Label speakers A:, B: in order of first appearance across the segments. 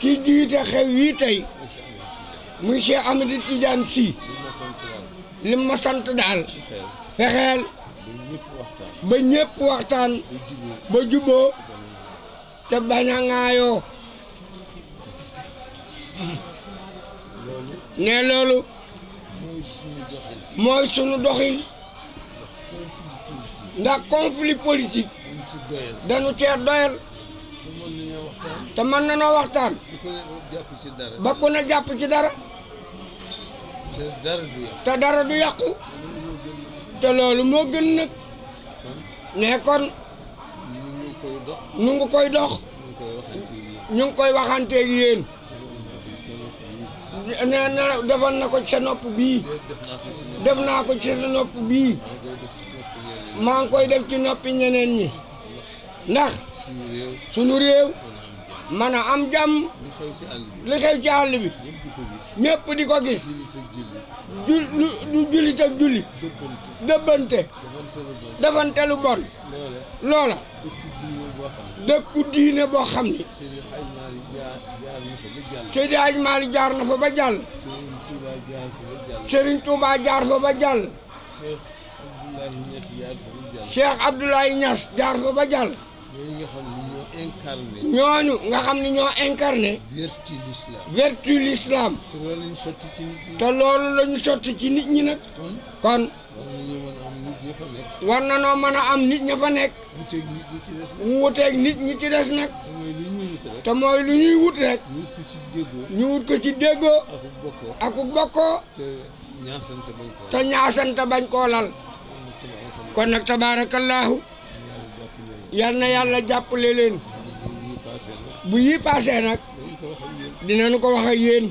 A: ki jiite xew yii tey muy Cheikh Ahmadou Tidiane Sy li ma sant daal fexeel ba ñëpp waxtaan ba te bañ ne loolu mooy sunu doxin ndax conflit politique dañu cee te man na noo waxtaan. ba ku na jàpp ci dara. te dara du yàqu. te dara du yàqu. te loolu moo gën nag. ne kon. ñu ngi koy dox. ñu ngi koy waxanteeg yéen. nee na defoon na ko ci sa nopp bii. def naa ko ci sa nopp bii. maa ngi koy def ci noppi ñeneen ñi. ndax suñu réew mën a am jàmm li xew ci àll bi ñëpp di ko gis ju lu jullit ak jullit bon loola
B: dëkku diine boo xam ni
A: Seydi Aj Maalik jaar na fa ba jàll Serigne Touba jaar fa ba jàll Cheikh Abdoulaye Niass jaar fa ba jàll ñooñu nga xam ni ñoo incarné. nga xam ni ñoo incarné. vertu l'islam. vertu l'islam. te loolu la ñu sotti ci nit ñi. te loolu la ñu ci nit ñi nag. kon. war nañoo mën a am nit ña fa nekk. wuuteeg nit ñi ci des nag. te mooy lu ñuy wut rek. ñu wut ko ci déggoo. ak bokkoo. te ñaasante bañ koo lal. kon nag tabaarakallaahu yal na yàlla jàppale leen bu yii paasee nag dinañu ko wax ak yéen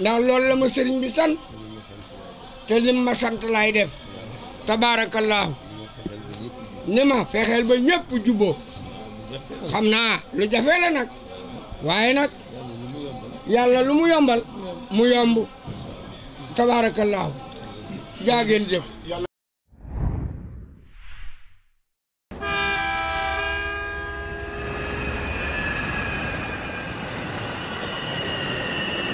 A: ndax loolu la ma bi sant te lim ma sant laay def tabaarakallaahu ni ma fexeel ba ñëpp juboo xam naa lu jafe la nag waaye nag yàlla lu mu yombal mu yomb tabaarakallaahu jaageen jëf